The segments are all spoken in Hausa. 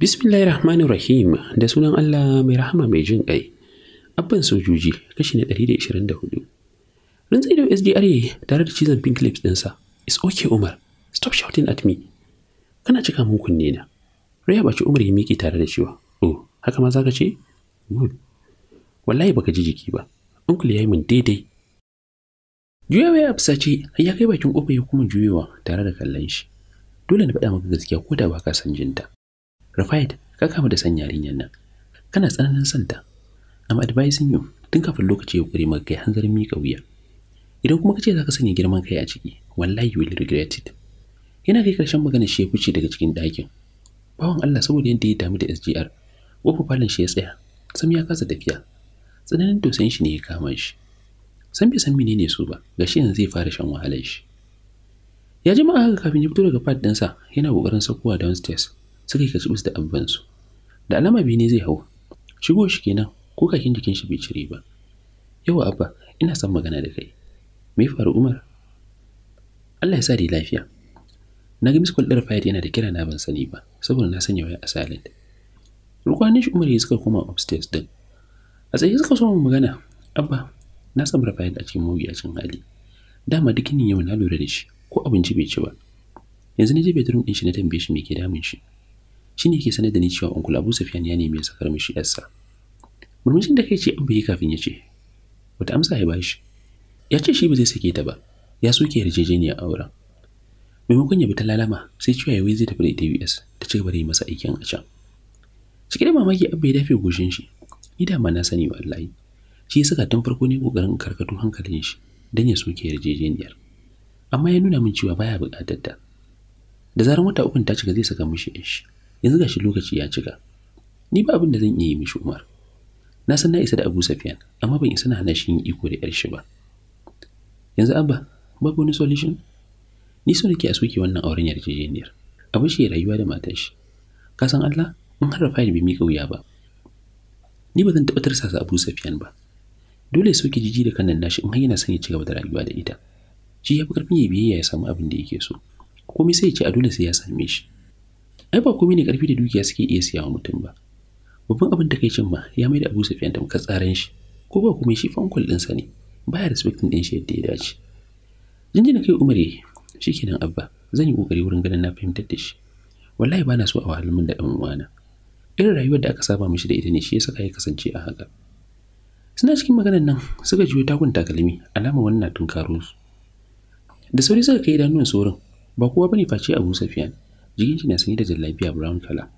Bismillahir Rahmanir Rahim da sunan Allah mai rahama mai jin ƙai. Abban sojoji kashi na 124. Rantsai da SDR tare da cizon pink lips ɗinsa. It's okay Umar. Stop shouting at me. Kana cika mun kunne na. Raya baci Umar ya miƙe tare da cewa. Oh, haka ma zaka ce? Good. Wallahi baka ji jiki ba. Uncle yi mun daidai. juyawa ya fusace har ya kai bakin kofa ya kuma juyawa tare da kallon shi dole na faɗa maka gaskiya ko da ba ka san jinta rafa'id ka kama da san yarinyar nan kana tsananin santa am advising you tun kafin lokaci ya kure maka kai hanzarin mika wuya idan kuma ka ce za ka sanya girman kai a ciki wallahi you will regret it yana kai karshen magana shi ya fice daga cikin ɗakin bawan Allah saboda yadda ya damu da SGR wofa falon shi ya tsaya sam ya kasa tafiya tsananin tausayin shi ne ya kama shi san bai san menene su ba gashi yanzu zai fara shan wahalar shi ya ji haka kafin ya fito daga pad ɗinsa yana ƙoƙarin saukowa downstairs suka yi kacibus da su da alama biyu ne zai hau shigo shi kenan ko kakin jikin shi bai cire ba yawa abba ina son magana da kai me faru umar Allah ya sa dai lafiya na ga miskul ɗin fayar yana da kira na ban sani ba saboda na sanya waya a silent rukwanin shi umar ya suka koma upstairs din a tsaye suka so magana abba na san rafa'in a cikin mawuyacin hali dama dukinin yau na lura da shi ko abinci bai ci ba yanzu na je bedroom din shi na tambaye shi me ke damun shi shine ke sanar da ni cewa uncle Abu Sufyan ya nemi ya sakar mishi yarsa murmushin da ka ce an bai kafin ya ce wata amsa ya bashi ya ce shi ba zai sake ta ba ya soke yarjejeniyar auren maimakon ya bi ta lalama sai cewa ya wai zai tafi da ita US ta ci gaba da yi masa aikin a can cike da mamaki abba ya dafe goshin shi ni da ma na sani wallahi shi ya saka tun farko ne kokarin karkato hankalin shi don ya soke yarjejeniyar amma ya nuna min cewa baya buƙatar ta da zaran wata ukun ta cika zai saka mishi shi yanzu gashi lokaci ya cika ni ba abin da zan iya yi mishi Umar na san na isa da Abu Safiyan, amma ban isa na hana shi yin iko da yar shi ba yanzu abba babu wani solution ni so nake a soke wannan auren yarjejeniyar abin shi rayuwa da matar shi ka san Allah in har fayil bai mika wuya ba ni ba zan taɓa sa Abu Safiyan ba dole ya sauke jiji da kanan nashi in har yana son ya ci gaba da rayuwa da ita shi ya fi karfin ya biyayya ya samu abin da yake so komai sai ya ce a dole sai ya same shi ai ba komai ne karfi da dukiya suke iya siya wa mutum ba babban abin da kai cin ma ya mai da Abu da tamkar tsarin shi ko ba komai shi fankul ɗinsa ne baya respectin ɗin shi yadda ya dace jinjina kai Umar ya shikenan abba zan yi kokari wurin ganin na fahimtar da shi wallahi na so a wahalmin da ɗan uwana irin rayuwar da aka saba mishi da ita ne shi ya saka ya kasance a haka suna cikin maganar nan suka juyo takun takalmi alama wannan karo su da sauri suka kai idanun su wurin ba kowa bane face Abu Safiyan jikin shi na sanye da jallabiya brown color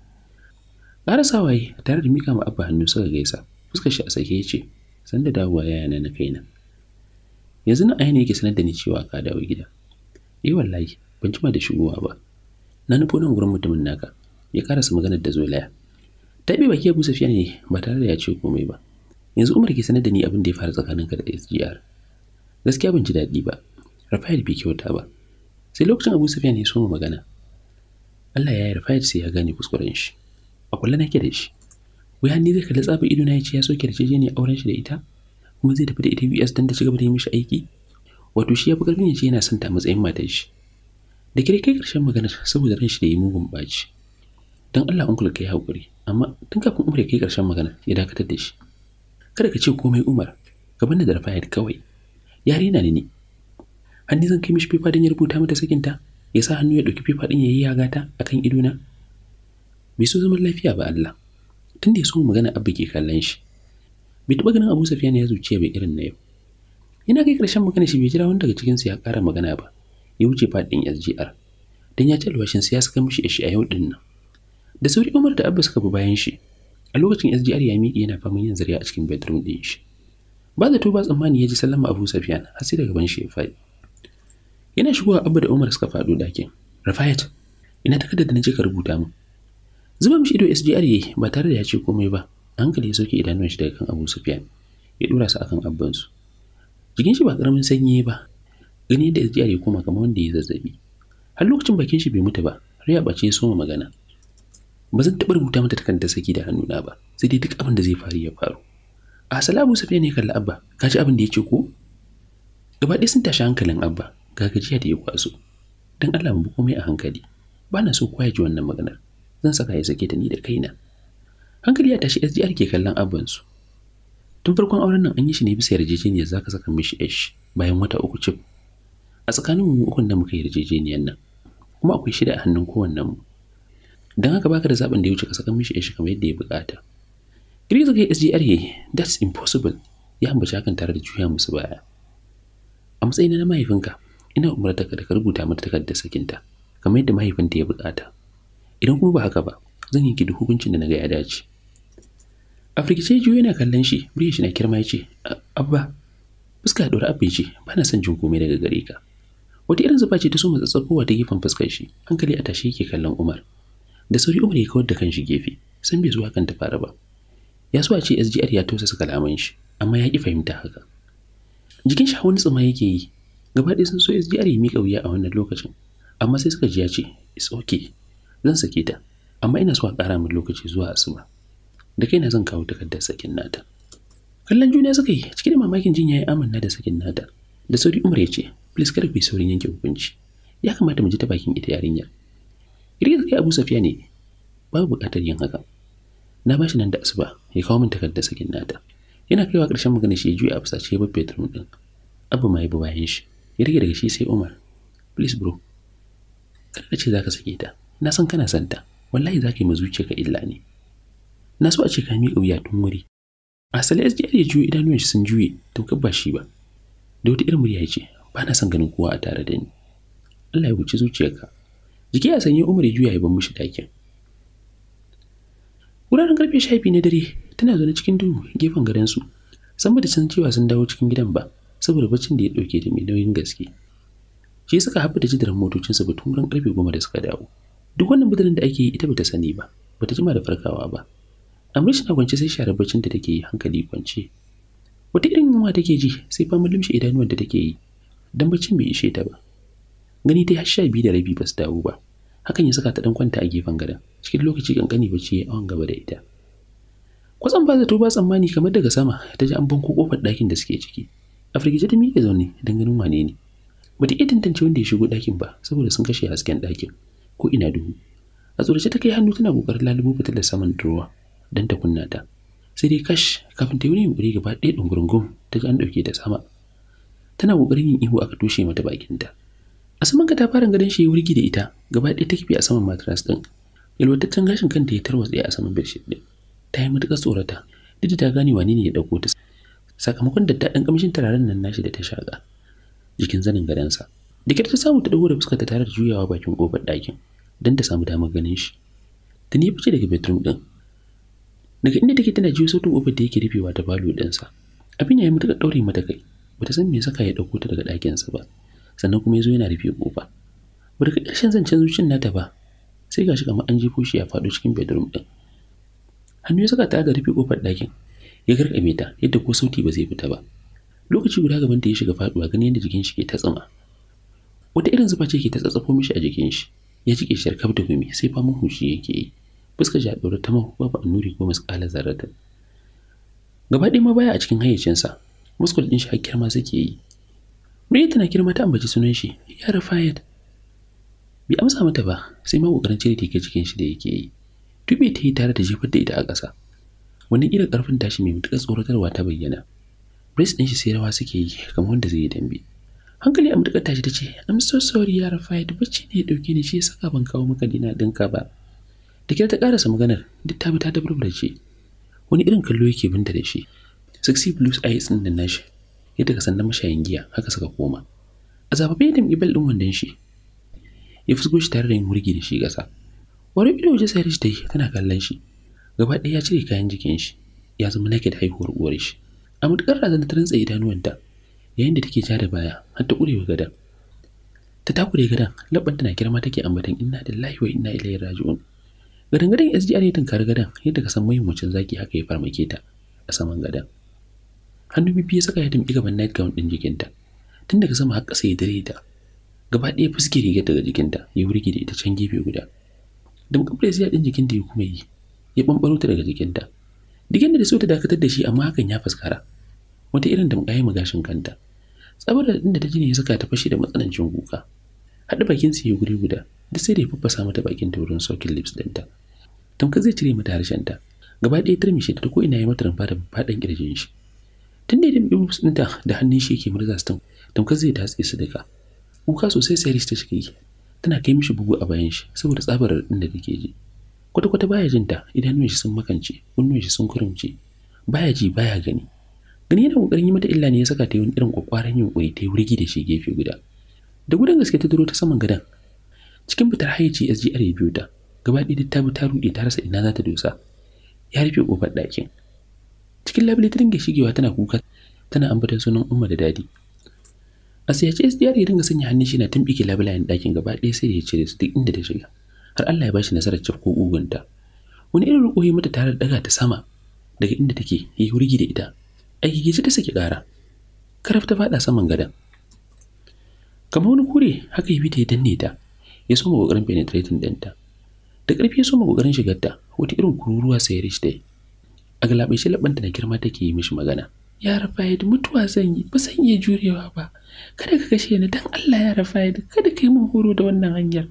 ƙara waye tare da mika ma abba hannu suka gaisa fuskar shi a sake ce san da dawowa yaya na kaina yanzu na ne yake sanar da ni cewa ka dawo gida eh wallahi ban jima da shigowa ba na nufo nan gurin mutumin naka ya karasa maganar da zolaya ta bi baki abu safiya ne ba tare da ya ce komai ba yanzu Umar ke sanar da ni abin da ya faru tsakaninka da SGR gaskiya ban ji daɗi ba Rafael bai kyauta ba sai lokacin Abu Sufyan ya so mu magana Allah ya yi Rafael sai ya gane kuskuren shi a kullum nake da shi wai hannu zai kalli tsabin ido na ya ce ya soke yarjejeniyar auren shi da ita kuma zai tafi da ita BS don ta ci gaba da yi mishi aiki wato shi ya fi ƙarfin ya ce yana son ta matsayin matar shi da kire kai karshen magana saboda ran shi da yi mugun baci Don Allah kula kai hakuri amma tun kafin umar kai karshen magana ya dakatar da shi kada ka ce komai Umar gaban da rafayar kawai na ne ni hannu zan kai mishi fifa don ya rubuta mata sakinta ya sa hannu ya ɗauki fifa ɗin ya yi hagata? a kan idona bai so zaman lafiya ba Allah tun da ya so magana abu ke kallon shi bai taɓa ganin Abu Safiya ne ya zuciya bai irin na yau yana kai ƙarshen magana shi bai jira wani daga cikin ya ƙara magana ba ya wuce faɗin SGR Don ya ci alwashin sai ya saka mishi shi a yau ɗin nan da sauri Umar da Abba suka bi bayan shi a lokacin SGR ya miƙe yana faman yin zariya a cikin bedroom ɗin shi ba zato ba tsammani ya ji sallama Abu Sufyan har sai daga ban shi ya faɗi yana shigowa Abba da Umar suka faɗo ɗakin Rafayat ina takarda da na je ka rubuta min zuba mishi ido SGR yayi ba tare da ya ce komai ba hankali ya soke idanuwan shi daga kan Abu safiyan ya dora su akan abbansu jikin shi ba karamin sanyi ba gani da SGR ya koma kamar wanda ya zazzabi har lokacin bakin shi bai mutu ba har ya bace ya soma magana ba zan taɓa rubuta mata takardar saki da hannuna ba sai dai duk abin da zai faru ya faru a salamu safiya ne kalla abba ka ji abin da ya ce ko gaba ɗaya sun tashi hankalin abba ga gajiya da ya kwaso don allah mu komai a hankali ba na so kowa ya ji wannan maganar zan saka ya sake ta ni da kaina hankali ya tashi sgr ke kallon abban su tun farkon auren nan an yi shi ne bisa yarjejeniyar zaka saka mishi ash bayan wata uku cif a tsakanin mu ukun da muka yarjejeniyar nan kuma akwai shida a hannun kowannen mu don haka baka da zaben da ya wuce ka kan mishi ya shi kamar yadda ya bukata girgiza yi sgr ya that's impossible ya ambaci hakan tare da juya musu baya a matsayin na mahaifinka ina umarta ka da ka rubuta mata takardar sakinta kamar yadda mahaifinta ya bukata idan kuma ba haka ba zan yi kidu hukuncin da na ga ya dace a firgice juya yana kallon shi murya shi na kirma ya ce abba fuska da abin ce ba na son jin komai daga gare ka wata irin zuba ce ta so tsatsakowa ta gefen fuskar shi hankali a tashe yake kallon umar da sauri umar ya kawar da kan shi gefe san bai zuwa kan ta fara ba ya so a ce SGR ya tausasa kalaman shi amma ya ki fahimta haka jikin shi hawan tsuma yake yi gaba ɗaya sun so SGR ya miƙa wuya a wannan lokacin amma sai suka ji ya ce it's okay zan sake ta amma ina so a ƙara min lokaci zuwa asuba da kaina zan kawo takardar sakin nata kallon juna suka yi cike da mamakin jin yayi amanna da sakin nata da sauri umar ya ce please kada ku yi saurin yanke hukunci ya kamata mu ji ta bakin ita yarinyar Irin ya Abu Safiya ne babu buƙatar yin haka. Na ba shi nan da asuba ya kawo min takardar sakin nata. Yana kaiwa ƙarshen magana shi ya juya a fusace ya bar bedroom ɗin. Abu ma ya bi bayan shi. Ya rage daga shi sai Umar. Please bro. Kada ka ce za ka sake ta. Na san kana son ta. Wallahi za ka yi ma ka illa ne. Na so a ce ka miƙa wuya tun wuri. Asali SGR ya juye idanuwan shi sun juye To, ba shi ba. Da wata irin murya ya ce ba na son ganin kowa a tare da ni. Allah ya wuce zuciyarka. jiki a sanye umar juya ya bambu mishi ɗakin wuraren karfe sha biyu na dare tana zaune cikin duhu gefen garinsu, san ba da san cewa sun dawo cikin gidan ba saboda baccin da ya ɗauke da mai nauyin gaske shi suka haɓu da jidaran motocinsa ba tun ran karfe goma da suka dawo duk wannan budurin da ake yi ita bata sani ba bata jima da farkawa ba amrish na kwance sai share baccin da take yi hankali kwance wata irin yunwa take ji sai fama limshe idanuwan da take yi dan baccin bai ishe ta ba gani ta har sha biyu da rabi ba su dawo ba hakan ya saka ta dan kwanta a gefen gadon cikin lokaci kankani bace ya awon gaba da ita kwatsam ba zato ba tsammani kamar daga sama ta ji an banko kofar ɗakin da suke ciki a firgice ta miƙe zaune don ganin wane ne ba ta iya tantance wanda ya shigo ɗakin ba saboda sun kashe hasken ɗakin ko ina duhu a tsorace ta kai hannu tana kokarin lalubo fitar da saman durowa don ta kunna ta sai dai kash kafin ta yi wani yunƙuri gaba ɗaya ɗungurungun ta ji an ɗauke ta sama tana ƙoƙarin yin ihu aka tushe mata bakinta a saman katafaren gadon shi ya wurgi da ita gaba ɗaya ta kifi a saman matras ɗin yalwataccen gashin kanta ya tarwatse a saman bedsheet ɗin ta yi matuƙar tsorata duk da ta gane wani ne ya ɗauko ta sakamakon ɗan ƙamshin turaren nan nashi da ta shaƙa jikin zanin gadonsa da kyar ta samu ta dago da fuskar ta tare da juyawa bakin ƙofar ɗakin don ta samu damar ganin shi ta ne fice daga bedroom ɗin daga inda take tana jiyo sautin ƙofar da yake rufewa ta falo ɗinsa abin ya yi matuƙar ɗaure mata kai bata san me saka ya ɗauko ta daga ɗakinsa ba sannan kuma ya zo yana rufe ƙofa ba daga ƙarshen zancen zuciyar nata ba sai ga shi kamar an jefo shi ya faɗo cikin bedroom ɗin hannu ya saka ta da rufe ƙofar ɗakin ya karkame ta yadda ko sauti ba zai fita ba lokaci guda gaban ta ya shiga faɗuwa ganin yadda jikin shi ke ta tsuma wata irin zufa ce ke ta tsatsafo mishi a jikin shi ya jike shi da gumi sai faman hushi yake yi fuskar shi a ɗaure ta mahu babu annuri ko misƙalar zaratan gaba ɗaya ma baya a cikin hayyacinsa muskul ɗin shi hakkiyar ma suke yi Maryam tana kirma ta ambaci sunan shi, ya yadda." Bai amsa mata ba, sai ma kokarin cire rigar cikin shi da yake yi. Tube ta yi tare da jefar da ita a ƙasa. Wani irin ƙarfin tashi mai matuƙar tsoratarwa ta bayyana. Brace ɗin shi sai rawa suke yi kamar wanda zai yi dambe. Hankali a mutuƙar tashi ta ce, "I'm so sorry ya Rafayat, bacci ne ya ɗauke ni shi ya saka ban kawo maka dina ɗinka ba." Da kira ta ƙarasa maganar, duk ta bi ta dabarbarce. Wani irin kallo yake binta da shi. Sexy Blues Eyes ɗin da nashi yadda ka san na mashayin giya haka suka koma a zababe yadda ibal din wandon shi ya fusgo shi tare da yin wurgi da shi ƙasa wani ido waje sayar shi ta yi tana kallon shi gaba ɗaya ya cire kayan jikin shi ya zama naked haihuwar uwar shi a matuƙar razan ta rantsa idanuwanta yayin da take ja da baya har ta ƙurewa gadan ta takure gadan labban tana girma take ambatan inna ina wa inna ilaihi raji'un gadan gadan SGR ya tunkari gadan yadda ka san muhimmancin zaki haka ya farmake ta a saman gadan hannu biyu ya saka ya damƙi gaban nightgown ɗin jikinta tun daga sama har ƙasa ya dare ta gaba ɗaya fuske rigar daga jikinta ya wurge da ita can gefe guda damƙar brazier ɗin jikinta ya kuma yi ya ɓamɓaro ta daga jikinta digin da so ta dakatar da shi amma hakan ya faskara wata irin da damƙa mu gashin kanta tsabar da da ta jini ya saka ta fashe da matsanancin kuka haɗa bakin sa ya guri guda da sai da ya faffasa mata bakin ta wurin sokin lips ɗinta tamkar zai cire mata ta gaba ɗaya turmishe ta ko ina ya mata rumfa da faɗan ƙirjin shi tun da idan bibus ɗinta da hannun shi yake murza su tamkar zai datse su ka. kuka sosai sai ta shiga yi tana kai mishi bugu a bayan shi saboda tsabar ɗin da take ji kwata-kwata baya jin ta idanun shi sun makance kunnuwan shi sun kurumce baya ji baya gani gani yana kokarin yi mata illa ne ya saka ta yi wani irin kwakwaran yunkuri ta yi wurgi da shi gefe guda da gudan gaske ta duro ta saman gadan cikin fitar hayyaci SGR ya biyo ta gaba ɗaya ta bi ta ruɗe ta rasa ina za ta dosa ya rufe kofar ɗakin cikin labule ta dinga shigewa tana kuka tana ambatan sunan umma da dadi a siyace SDR ya dinga sanya hannun shi na tumbike labulayen ɗakin gaba ɗaya sai da ya cire su duk inda ta shiga har Allah ya bashi nasarar cafko ugunta wani irin rukoyi mata tare da daga ta sama daga inda take yi hurgi da ita aiki gici ta saki ƙara karaf ta faɗa saman gadon kamar wani kure haka yi ta ya danne ta ya soma kokarin penetrating ta. da ƙarfi ya soma kokarin shigar ta wata irin kururuwa sai ya rishi dai a shi labanta da girma take yi mishi magana ya rafayid mutuwa zan yi ba zan iya jurewa ba kada ka kashe ni dan Allah ya rafayid kada ka yi min horo da wannan hanyar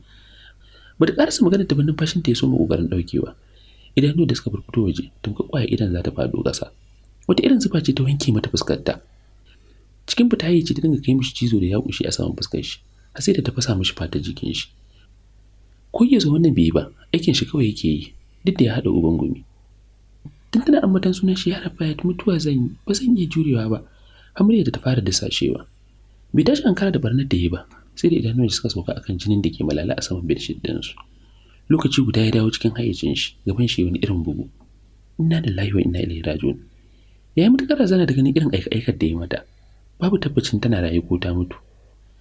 ba karasa magana da binin fashin ta ya mu kokarin daukewa idanu da suka burkuto waje ka kwaya idan za ta fado kasa wata irin zuba ce ta wanke mata fuskar ta cikin fita yi ce ta dinga kai mishi cizo da ya a saman fuskar shi har sai da ta fasa mishi fata jikin shi ko ya zo wannan bai ba aikin shi kawai yake yi duk da ya haɗa uban tun tana ambatan sunan shi ya rafa mutuwa zan yi ba zan iya jurewa ba hamriya da ta fara dasashewa bai tashi kara da barnar da ya ba sai da idanun suka sauka akan jinin da ke malala a saman bedsheet su lokaci guda ya dawo cikin hayyacin shi gaban shi wani irin bugu inna lillahi wa inna ilaihi raji'un yayi mutakar razana da ganin irin aika-aikar da yi mata babu tabbacin tana rayu ko ta mutu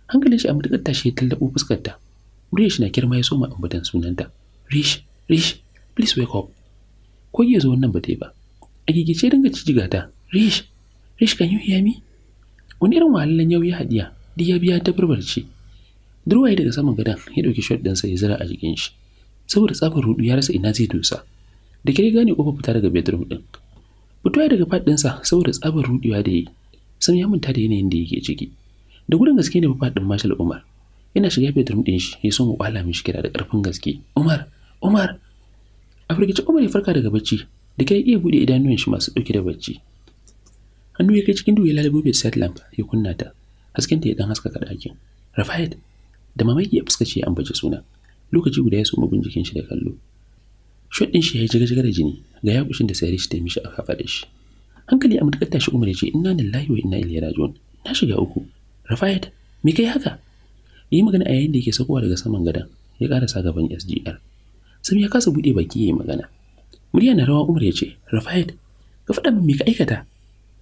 hankalin shi a mutakar tashi ya tallabo fuskar ta Rish na kirma ya soma ambatan sunanta Rish Rish please wake up ko ya zo wannan ba ta yi ba a gigice dinga cijiga ta rish rish kan yi mi wani irin wahalan yau ya hadiya duk ya biya ta durwa ya daga saman gadan ya ɗauki shot ɗinsa ya zira a jikin shi saboda tsafar hudu ya rasa ina zai dosa da kire gane kofa fita daga bedroom ɗin ya daga sa saboda tsabar rudewa da yi sam ya manta da yanayin da yake ciki da gudun gaske ne faɗin Mashal Umar yana shiga bedroom ɗin shi ya so mu kwala mishi kira da ƙarfin gaske Umar Umar a firgice umar ya farka daga bacci da kai iya buɗe idanuwan shi masu ɗauke da bacci hannu ya kai cikin duwe ya lalabo bai set lamp ya kunna ta hasken ta ya dan haskaka ɗakin rafayet da mamaki ya fuskace ya ambaci suna lokaci guda ya soma bin shi da kallo shot din shi ya jiga jiga da jini ga yakushin da sayar shi ta mishi kafa da shi hankali a mutakar tashi umar ya ce inna lillahi wa inna ilaihi raji'un na shiga uku rafayet me kai haka yi magana a yayin da yake sakowa daga saman gadan ya karasa gaban sgr Sam ya kasa bude baki yayi magana. Murya na rawa Umar ya ce, ka faɗa min me ka aikata?"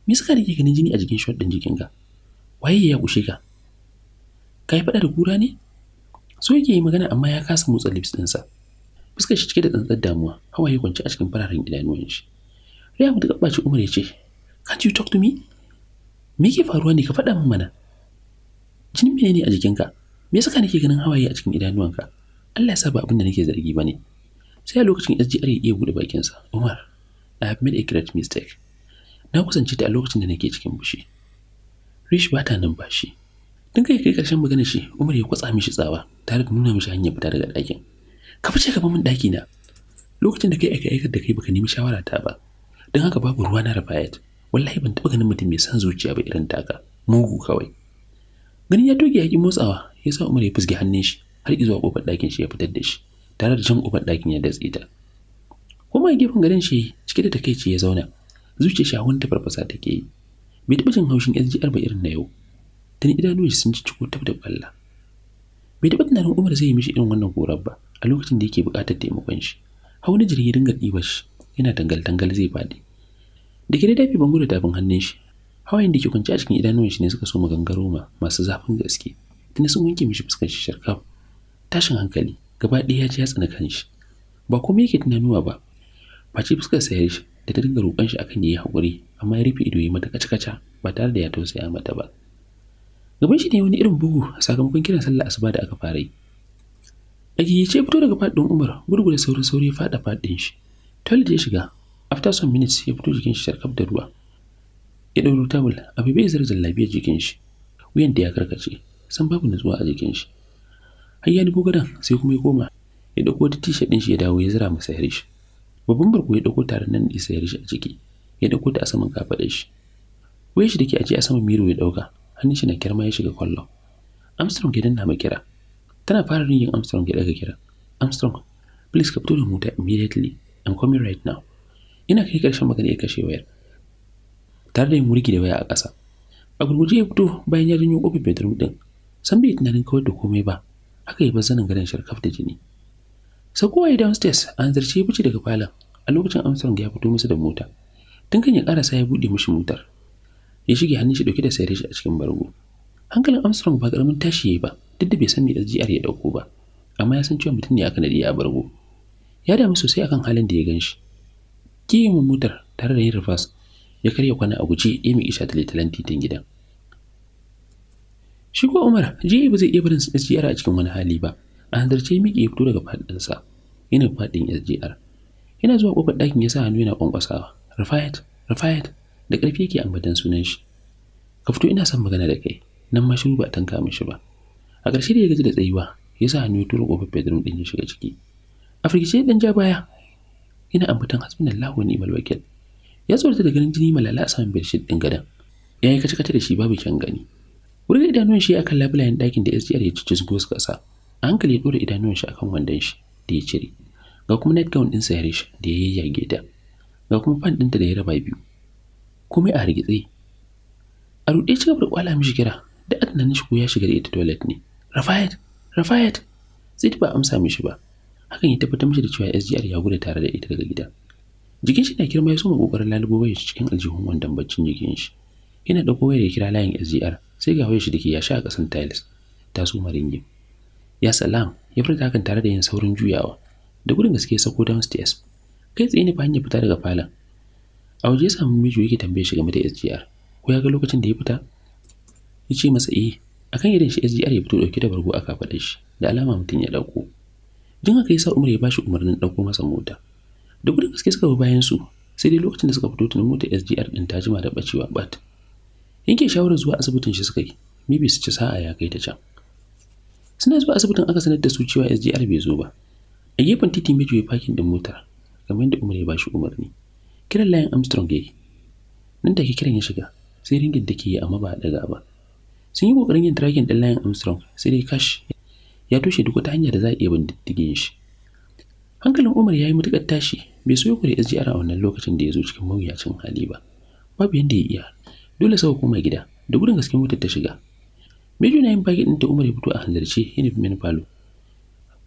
Me suka rike ganin jini a jikin shot jikin jikinka? Waye ya kushe ka? kai yi faɗa da kura ne? So yake yi magana amma ya kasa motsa lips ɗinsa. Fuskar shi cike da tsantsar damuwa, hawaye kwance a cikin fararen idanuwan shi. Raya mutu ɓaci Umar ya ce, Can't you talk to me? Me ke faruwa ne ka faɗa min mana? Jinin menene a jikinka? Me suka nake ganin hawaye a cikin idanuwanka? Allah ya sa ba abin da nake zargi ba ne. sai a lokacin SGR ya iya bude bakinsa Umar I have made a great mistake na kusance ta a lokacin da nake cikin bushi Rish ba ta numfashi tun kai kai karshen magana shi Umar ya kwatsa mishi tsawa tare da nuna mishi hanyar fita daga ɗakin ka fice ka min ɗaki na lokacin da kai aika aikar da kai baka nemi shawara ta ba don haka babu ruwa na Rafayat wallahi ban taɓa ganin mutum mai san zuciya ba irin taka mugu kawai ganin ya doge ya motsawa ya sa Umar ya fusge hannun shi har izuwa kofar ɗakin shi ya fitar da shi tare da jan uban ɗakin ya datse ta kuma a gefen garin shi cike da takaici ya zauna zuciya shahun ta farfasa ke yi bai taɓa jin haushin yanzu ba irin na yau idanu shi sun ci ciko tab da balla bai taɓa tunanin Umar zai yi mishi irin wannan horar ba a lokacin da yake buƙatar taimakon shi hau na jirgi dinga ɗibar shi yana tangal-tangal zai faɗi da ke dafi bango da tafin hannun shi hawayen da ke kwanci a cikin idanuwan shi ne suka so magangaro ma masu zafin gaske tani sun wanke mishi fuskar shi sharkaf tashin hankali gaba ɗaya ya ce ya tsina shi, ba kuma yake tunanuwa ba face fuskar sayar shi da ta dinga roƙon shi akan yayi haƙuri amma ya rufe ido ya mata kaca ba tare da ya tausaya mata ba gaban shi ne wani irin bugu sakamakon kiran sallar asuba da aka fara yi Dagiye ce fito daga faɗin Umar gurgure saurin sauri ya faɗa faɗin shi toilet ya shiga after some minutes ya fito jikin shi sharkaf da ruwa ya ɗauro tabul, abu bai zarar jallabiyar jikin shi wuyan da ya karkace san babu nutsuwa a jikin shi har ya nufo gadon sai kuma ya koma ya ɗauko da t-shirt ɗin shi ya dawo ya zira masa yarish babban barko ya ɗauko taron nan isa yarish a ciki ya ɗauko ta a saman kafaɗar shi wayar shi da ke aje a saman miro ya ɗauka hannun shi na kirma ya shiga kwallon Armstrong ya danna ma kira tana fara ringin Armstrong ya daga kira Armstrong please ka fito da mota immediately I'm coming right now ina kai karshen magana ya kashe wayar tare da yin murgi da waya a ƙasa a gurguje ya fito bayan ya janyo kofar bedroom din san bai tunanin kawar da komai ba aka yi bazanin gadon sharkaf da jini sakowa ya downstairs an zarce ya fice daga falon a lokacin Armstrong ya fito masa da mota tun kan ya karasa ya buɗe mishi motar ya shige hannun shi dauke da sayar shi a cikin bargo hankalin Armstrong ba karamin tashi ya yayi ba duk da bai san me SGR ya dauko ba amma ya san cewa mutum ne aka nadi a bargo ya damu sosai akan halin da ya ganshi kiyin motar tare da yin reverse ya karya kwana a guje ya miƙe shi a talitalan titin gidan Shi ko Umar jiya ba zai iya barin SGR a cikin wani hali ba. A hanzarce miki ya fito daga faɗinsa. Yana faɗin SGR. Yana zuwa kofar ɗakin ya sa hannu yana kwankwasawa. Rafayat, Rafayat da ƙarfi yake ambatan sunan shi. Ka fito ina son magana da kai. Nan ma shiru ba a tanka mishi ba. A ƙarshe da ya gaji da tsayuwa, ya sa hannu ya tura kofar bedroom ɗin ya shiga ciki. A firgice ɗan ja baya. Yana ambatan hasbunallahu wani ni'mal wakil. Ya tsorata da ganin jini malala a saman bedsheet ɗin gadon. Ya yi da shi babu kyan gani. wurin idanuwan shi akan labulayen ɗakin da SGR ya cici zugo kasa, a hankali ya ɗora idanuwan shi akan wandon shi da ya cire ga kuma netgown ɗinsa ya rish da ya yi ya ta ga kuma fan ɗinta da ya raba biyu kuma a hargitse a ruɗe ci gaba da kwala mishi kira da adana shi ko ya shiga da ita toilet ne rafayat rafayat sai ba amsa mishi ba hakan ya tabbatar mishi da cewa SGR ya gudu tare da ita daga gida jikin shi na girma ya soma kokarin lalubo bai cikin aljihun wandon baccin jikin shi yana ɗauko wayar ya kira layin SGR sai ga shi dake ke yashi a ƙasan tiles ta su maringi ya salam ya furta hakan tare da yin saurin juyawa da gudun gaske sako downstairs kai tsaye ne fa hanyar fita daga falon a waje ya samu miji yake tambaye shi game da SGR ko ya ga lokacin da ya fita ya ce masa eh akan irin shi SGR ya fito dauke da bargo aka faɗa shi da alama mutum ya dauko jin haka yasa Umar ya bashi umarnin dauko masa mota da gudun gaske suka bi bayan su sai dai lokacin da suka fito tunan mota SGR din ta jima da bacewa bat yanke shawarar zuwa asibitin shi suka yi mibi su ci sa'a ya kai ta can suna zuwa asibitin aka sanar da su cewa SGR bai zo ba a gefen titi mai juya fakin din mota, kamar yadda Umar ya bashi umarni kiran layin Armstrong yayi nan take kiran ya shiga sai ringin da ke yi amma ba a daga ba sun yi kokarin yin tracking din layin Armstrong sai dai kash ya toshe duk wata hanya da za a iya bin shi hankalin Umar ya yi matukar tashi bai so ya kure SGR a wannan lokacin da ya zo cikin mawuyacin hali ba babu yanda ya iya dole ku koma gida da gudun gaske motar ta shiga mejo na yin baki ta umar ya fito a hanzarce yana fi falo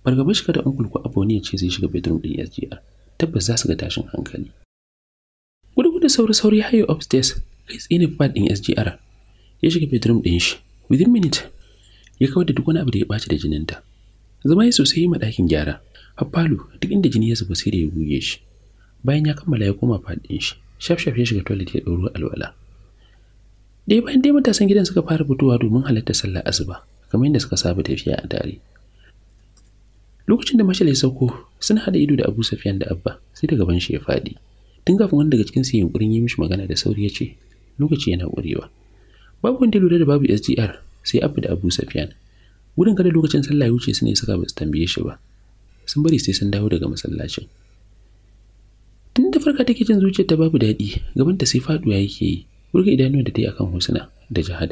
fargabar shiga da uncle ko aboni ya ce zai shiga bedroom din sgr tabbas za su ga tashin hankali gudu-gudu sauri-sauri ya hayo upstairs kai tsini pad din sgr ya shiga bedroom ɗin shi within minute ya kawar da duk wani abu da ya ɓaci da jininta zama ya sosai yi dakin gyara falo duk inda jini ya zuba sai da ya buge shi bayan ya kammala ya koma ɗin shi shaf shaf ya shiga toilet ya ɗauro alwala dai bayan dai matasan gidan suka fara fitowa domin halarta sallar asuba kamar yadda suka saba tafiya a tare lokacin da mashal ya sauko suna haɗa ido da abu safiyan da abba sai daga ban shi ya faɗi tun kafin wani daga cikin su yunƙurin yi mishi magana da sauri ya ce lokaci yana ƙurewa babu wanda lura da babu sgr sai abba da abu safiyan wurin kada lokacin sallah ya wuce su ne suka ba su tambaye shi ba sun bari sai sun dawo daga masallacin tun da farka take jin zuciyar ta babu daɗi gaban ta sai faɗuwa yake yi Rufe idanuwan da ta yi akan Husna da Jihad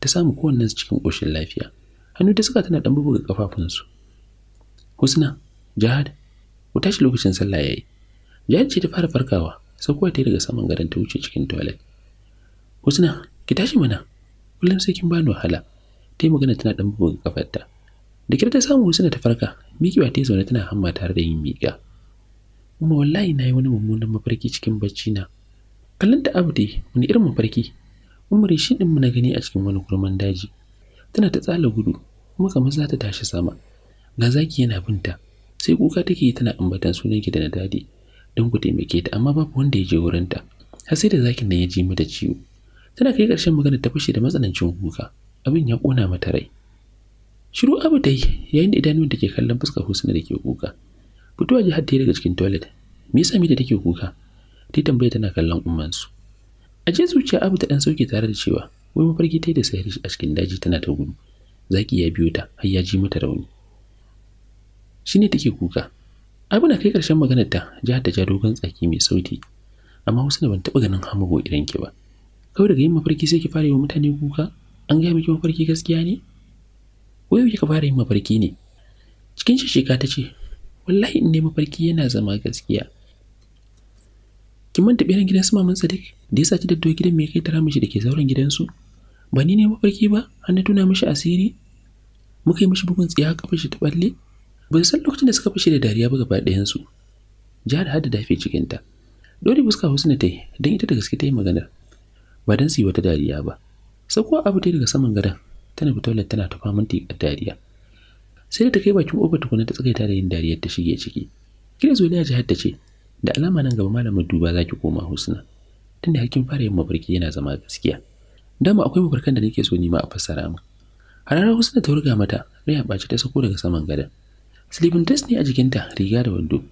ta samu su cikin ƙoshin lafiya. Hannu ta suka tana ɗan bubuga ƙafafunsu. Husna, Jihad, ku tashi lokacin sallah yayi. Jihad ce ta fara farkawa, saukowa ta yi daga saman gadon ta wuce cikin toilet. Husna, ki tashi mana. Kullum sai kin bani wahala. Ta yi magana tana ɗan bubuga ƙafarta. Da kira ta samu Husna ta farka, mikiwa ta yi zaune tana hamma tare da yin miƙa. Kuma wallahi na yi wani mummunan mafarki cikin bacci na. kallon ta abdi wani irin mafarki umar shi ɗin na gani a cikin wani kurman daji tana ta tsala gudu kuma kamar za ta tashi sama ga zaki yana binta sai kuka take tana ambatan sunan ki da na dadi don ku taimake ta amma babu wanda ya je wurin ta har sai da zakin nan ya ji mata ciwo tana kai ƙarshen magana ta fashe da matsanancin kuka abin ya kona mata rai shiru abu dai, yayin da idanun da ke kallon fuskar husna da ke kuka fitowa ji har daga cikin toilet me yasa mita take kuka ta yi tana kallon ummansu. A je zuciya Abu ta ɗan sauke tare da cewa wai mafarki ta yi da sayar a cikin daji tana ta gudu. Zaki ya biyo ta har ya ji mata rauni. Shi ne take kuka. Abu na kai ƙarshen maganar ta jihar ta ja dogon tsaki mai sauti. Amma wasu na ban taɓa ganin hamago irin ki ba. Kawai daga yin mafarki sai ki fara yi wa mutane kuka? An gaya miki mafarki gaskiya ne? Wayo kika fara yin mafarki ne? Cikin shishika ta ce, Wallahi in ne mafarki yana zama gaskiya. kin manta beran gidan su maman Sadiq da ya saci daddo gidan me kai tara mishi dake zauren gidansu ba ni ne mafarki ba an na tuna mishi asiri muka yi mishi bugun tsiya kafar shi ta balle ba san lokacin da suka fashe da dariya ba gaba ɗayan su jihar hada dafe ta dole fuska husna tai dan don ita da gaske ta yi maganar ba dan su yi wata dariya ba sauko abu tai daga saman gadon tana fitolar tana tafa minti a dariya sai da ta kai bakin ƙofar tukuna ta tsagaita da yin dariyar ta shige ciki zo ne a jihar ta ce da alama nan gaba malamin duba za ki koma husna tunda kin fara yin mafarki yana zama gaskiya dama akwai mafarkan da nake so ni ma a fassara mu hararar husna ta wurga mata rai a baci ta sako daga saman gadon sleeping dress ne a jikinta riga da wando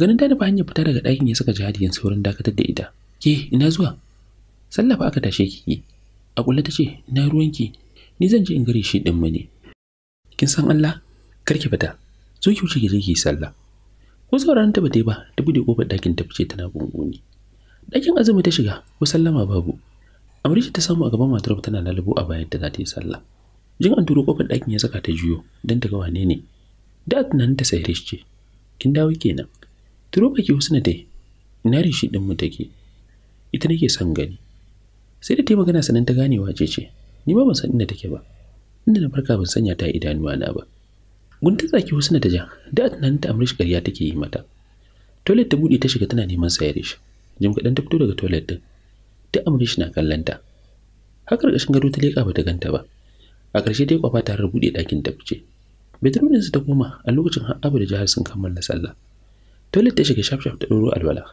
ganin ta nufa hanyar fita daga ɗakin ya saka yin saurin dakatar da ita ke ina zuwa sallafa aka tashe ki a kulle ta ce na ruwanki ni zan je in gare shi ɗin mu ne kin san Allah kar ki fita zo ki wuce ki je ki sallah ko sauraron ta bata yi ba ta bude kofar ɗakin ta fice tana gunguni ɗakin azumi ta shiga ko sallama babu amrishi ta samu a gaban matar tana lalubo a bayan ta zata yi sallah jin an turo kofar ɗakin ya saka ta juyo dan ta ga wane ne da tunanin ta sai ce kin dawo kenan turo baki husna dai ina rishi ɗin mu take ita nake son gani sai da ta yi magana sanan ta gane wace ce ni ba ban san inda take ba inda na farka ban sanya ta idanuwa na ba Gunta tsaki Husna ta ja, da tunanin ta amrish ƙarya take yi mata. Toilet ta buɗe ta shiga tana neman sayar shi. Jim kaɗan ta fito daga toilet din. Da amrish na kallon ta. Haka ƙarƙashin gado ta leƙa bata ganta ba. A ƙarshe ta yi ƙwafa tare da buɗe ɗakin ta fice. Bedroom ɗinsu ta koma a lokacin har abu da jihar sun kammala sallah. Toilet ta shiga shaf ta ɗoro alwala.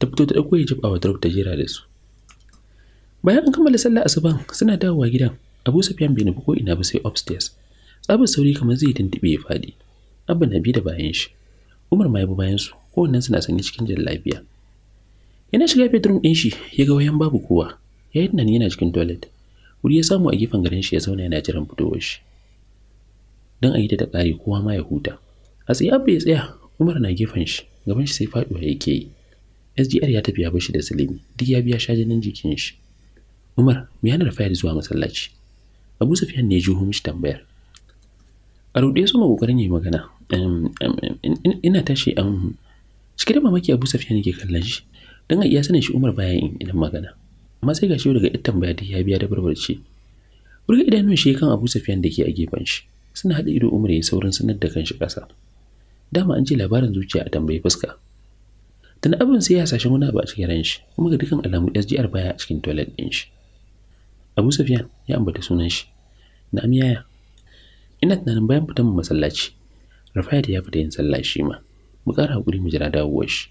Ta fito ta ɗauko hijab a wardrobe ta jera da su. Bayan an kammala sallah asuban suna dawowa gidan, Abu Sufyan bai nufi ko ina ba sai upstairs. abu sauri kamar zai tuntube ya fadi Abba na bi da bayan shi. Umar ma ya bi bayan su, kowannen suna sanye cikin jin lafiya. Yana shiga bedroom din shi, ya ga wayan babu kowa. Ya yi tunani yana cikin toilet. Wuri ya samu a gefen garin shi ya zauna yana jiran fitowar shi. Don a yi ta ƙare kowa ma ya huta. A tsaye Abba ya tsaya, Umar na gefen shi, gaban shi sai faɗuwa yake yi. SGR ya tafi ya bar shi da Silimi, duk ya biya shajinin jikin shi. Umar, me yana da fayar zuwa masallaci? Abu Sufyan ne ya juho mishi tambayar. a rude su ma kokarin yi magana ina tashi a ciki da mamaki Abu Safiya ne ke kallon shi don a iya sanin shi Umar bayan yin idan magana amma sai ga shi daga ita tambaya da ya biya da barbarci Burga idanun shi kan Abu Safiya da ke a gefen shi suna haɗa ido Umar ya saurin sanar da kan shi ƙasa dama an ji labarin zuciya a tambayi fuska tana abin sai ya sashen wani abu a cikin ran shi kuma ga dukkan alamu SGR baya a cikin toilet ɗin shi Abu Safiya ya ambata sunan shi na amiyaya ina tunanin bayan fitan mu masallaci Rafa'at ya fita yin sallah shi ma mu ƙara hakuri mu jira dawowar shi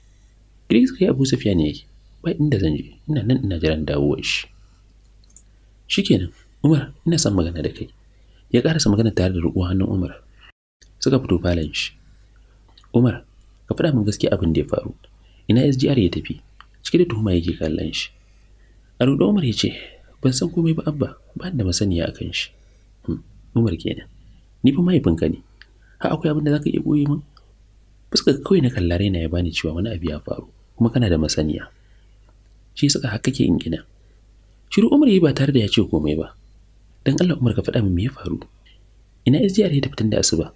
Girgis kai Abu ne yake ba inda zan je ina nan ina jiran dawowar shi shikenan Umar ina son magana da kai ya ƙarasa magana tare da ruwa hannun Umar suka fito falon shi Umar ka faɗa min gaskiya abin da ya faru ina SGR ya tafi cike da tuhuma yake kallon shi Aruda Umar ya ce ban san komai ba abba ba da masaniya akan shi hmm, Umar kenan ni fa mahaifinka ne har akwai abin da ka iya boye min fuskar kawai na kalla raina ya bani cewa wani abu ya faru kuma kana da masaniya shi suka haka kake in gina shiru umar yi ba tare da ya ce komai ba dan Allah umar ka faɗa min me ya faru ina SGR ya fitan da asuba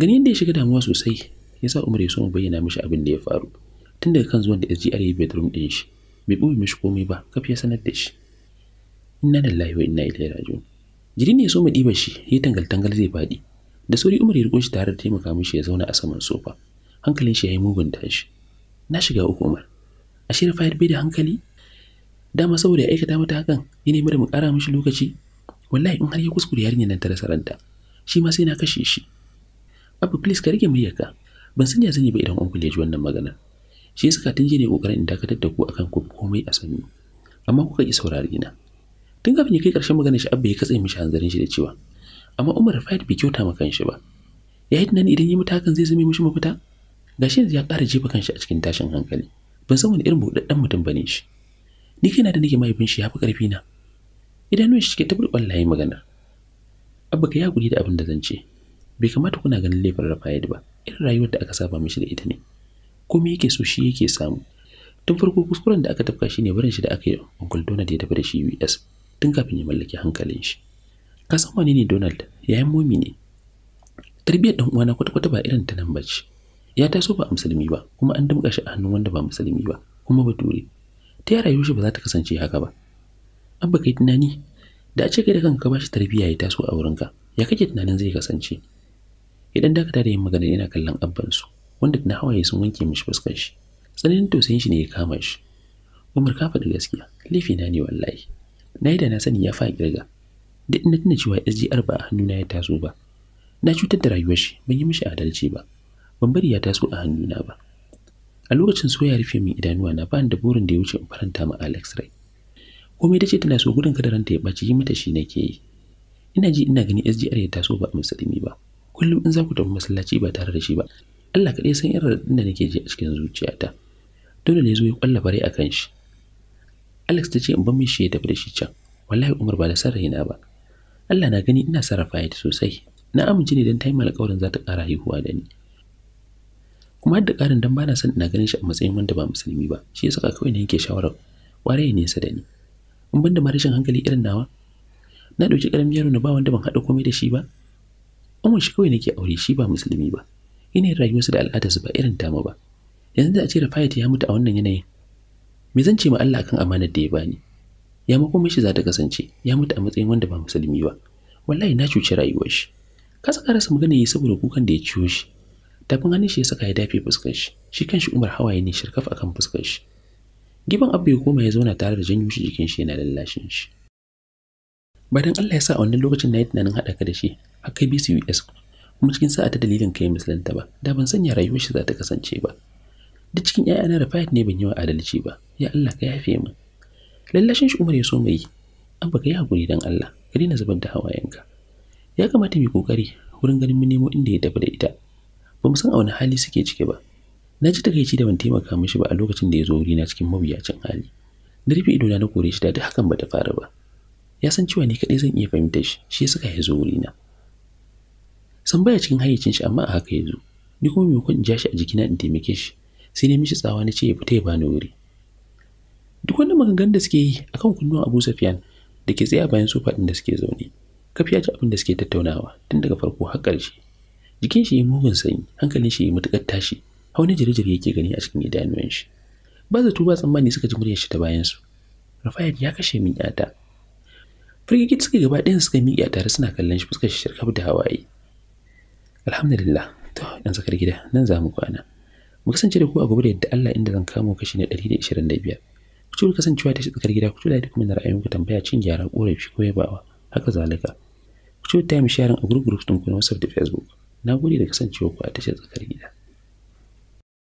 gani yadda ya shiga damuwa sosai yasa umar ya so mu bayyana mishi abin da ya faru tun daga kan zuwan da SGR ya bedroom din shi bai ɓoye mishi komai ba kafin ya sanar da shi inna lillahi wa inna ilaihi raji'un jiri ne so mu ɗiba shi ya tangal-tangal zai faɗi da sauri umar ya riko shi tare da taimaka mishi ya zauna a saman sofa hankalin shi ya yi mugun tashi na shiga uku umar A ashe fayar bai da hankali dama saboda ya aikata mata hakan ya nemi da mu kara mishi lokaci wallahi in har ya kuskure yarinya nan ta rasa ranta shi ma sai na kashe shi abu please ka rike muryarka ban san ya yi ba idan uncle ya ji wannan maganar shi tun tunje ne kokarin in dakatar da ku akan ku komai a sannu amma kuka ki saurari na tun kafin ya kai ƙarshen maganar shi abba ya katse mishi hanzarin shi da cewa amma umar Fayyad bai kyauta ma kanshi ba ya yi tunani idan ya mutu hakan zai zame mishi mafita gashi yanzu ya ƙara jefa kanshi a cikin tashin hankali ban san wani irin buɗaɗɗen mutum ba ne shi ni kaina da nake mahaifin shi ya fi ƙarfi na nuna shi cike ta burɓallaye magana. abba ka ya guri da abin da zan ce bai kamata kuna ganin laifin rafayad ba irin rayuwar da aka saba mishi da ita ne komai yake so shi yake samu tun farko kuskuren da aka tafka shine barin shi da aka yi uncle donald ya tafi da shi us tun kafin ya mallaki hankalin shi ka san wane ne Donald ya yi momi ne tarbiyyar dan uwana kwata kwata ba irin ta nan ce ya taso ba a musulmi ba kuma an damƙa shi a hannun wanda ba musulmi ba kuma ba bature ta yara yoshi ba za ta kasance haka ba abba kai tunani da a ce kai da kanka ka bashi tarbiyya ya taso a wurinka ya kake tunanin zai kasance idan dakata da yin magana yana kallon abbansu wanda na hawaye sun wanke mishi fuskar shi tsananin tausayin shi ne ya kama shi Umar ka faɗi gaskiya, laifi na ne wallahi. na yi da na sani ya fa kirga duk ina tuna cewa SGR ba a hannuna ya taso ba na cutar da rayuwar shi ban yi mishi adalci ba ban bari ya taso a hannuna ba a lokacin so ya rufe min idanuwa na ba da burin da ya wuce in faranta ma Alex rai komai da ce tana so gudun kada ranta ya ɓaci yi mata shi nake yi ina ji ina gani SGR ya taso ba a musulmi ba kullum in za ku tafi masallaci ba tare da shi ba Allah kaɗai san irin da nake ji a cikin zuciyata dole ne zo ya kwalla bare a kan shi Alex ta ce in ban mishi ya tafi da shi can. Wallahi Umar ba da san raina ba. Allah na gani ina sarrafa ta sosai. Na amince ne dan ta alƙawarin za ta ƙara haihuwa da ni. Kuma har da ƙarin dan ba na son ina ganin shi a matsayin wanda ba musulmi ba. Shi ya saka kawai na yanke shawarar ware ya nesa da ni. In ban da ma rashin hankali irin nawa. Na ɗauki ƙaramin yaro na ba wanda ban haɗa komai da shi ba. Umar shi kawai nake aure shi ba musulmi ba. Yanayin rayuwarsa da al'adarsa ba irin tamu ba. Yanzu da a ce Rafayat ya mutu a wannan yanayin me zan ce ma Allah kan amanar da ya bani ya makon shi za ta kasance ya mutu a matsayin wanda ba musulmi ba wallahi na cuci rayuwar shi kasa karasa magana yi saboda kukan da ya ciwo shi tafin hannun shi ya saka ya dafe fuskar shi shi kan shi Umar hawaye ne shirkaf akan fuskar shi giban abu ya koma ya zauna tare da janyo shi jikin shi yana lallashin shi bayan Allah ya sa a wannan lokacin na yi tunanin haɗa ka da shi akai kai BCUS kuma cikin sa'a ta dalilin kai musulunta ba da ban sanya rayuwar shi za ta kasance ba duk cikin na Rafa'at ne ban yi wa adalci ba ya Allah ka yafe min lallashin shi Umar ya so mai an baka yi hakuri dan Allah ka daina zubar da hawayenka ya kamata mu kokari wurin ganin mun nemo inda ya tafi da ita ba mu san a wani hali suke ciki ba na ji takaici da ban taimaka mishi ba a lokacin da ya zo wurina cikin mawuyacin hali na rufe ido na kore shi da duk hakan bata faru ba ya san cewa ni kaɗai zan iya fahimtar shi shi ya saka ya zo wurina san baya cikin hayyacin shi amma a haka ya zo ni kuma maimakon in ja shi a jikina in taimake shi sai dai mishi tsawa na ce ya fita ya bani wuri duk wanda maganganun da suke yi akan kunnuwan Abu Sufyan da ke tsaye bayan sofa din da suke zaune kafiya ji abin da suke tattaunawa tun daga farko har ƙarshe jikin shi ya mugun sanyi hankalin shi ya mutukar tashi hauni jirjiri yake gani a cikin idanuwan shi ba zato ba tsammani suka ji muryar shi ta bayan su Rafa'il ya kashe min yata firgigit suke gaba ɗayan suka miƙe a tare suna kallon shi fuskar shi shirkaf da hawaye alhamdulillah to yanzu kar gida nan za mu kwana mu kasance da ku a gobe da yadda Allah inda zan kamo kashi na 125 ku ci kasancewa ta tsakar gida ku tula da kuma ku tambaya cin gyara korafi ko yabawa haka zalika ku ci ta mu sharing a group group ɗin ku na WhatsApp da Facebook na da kasancewa ku a tashar tsakar gida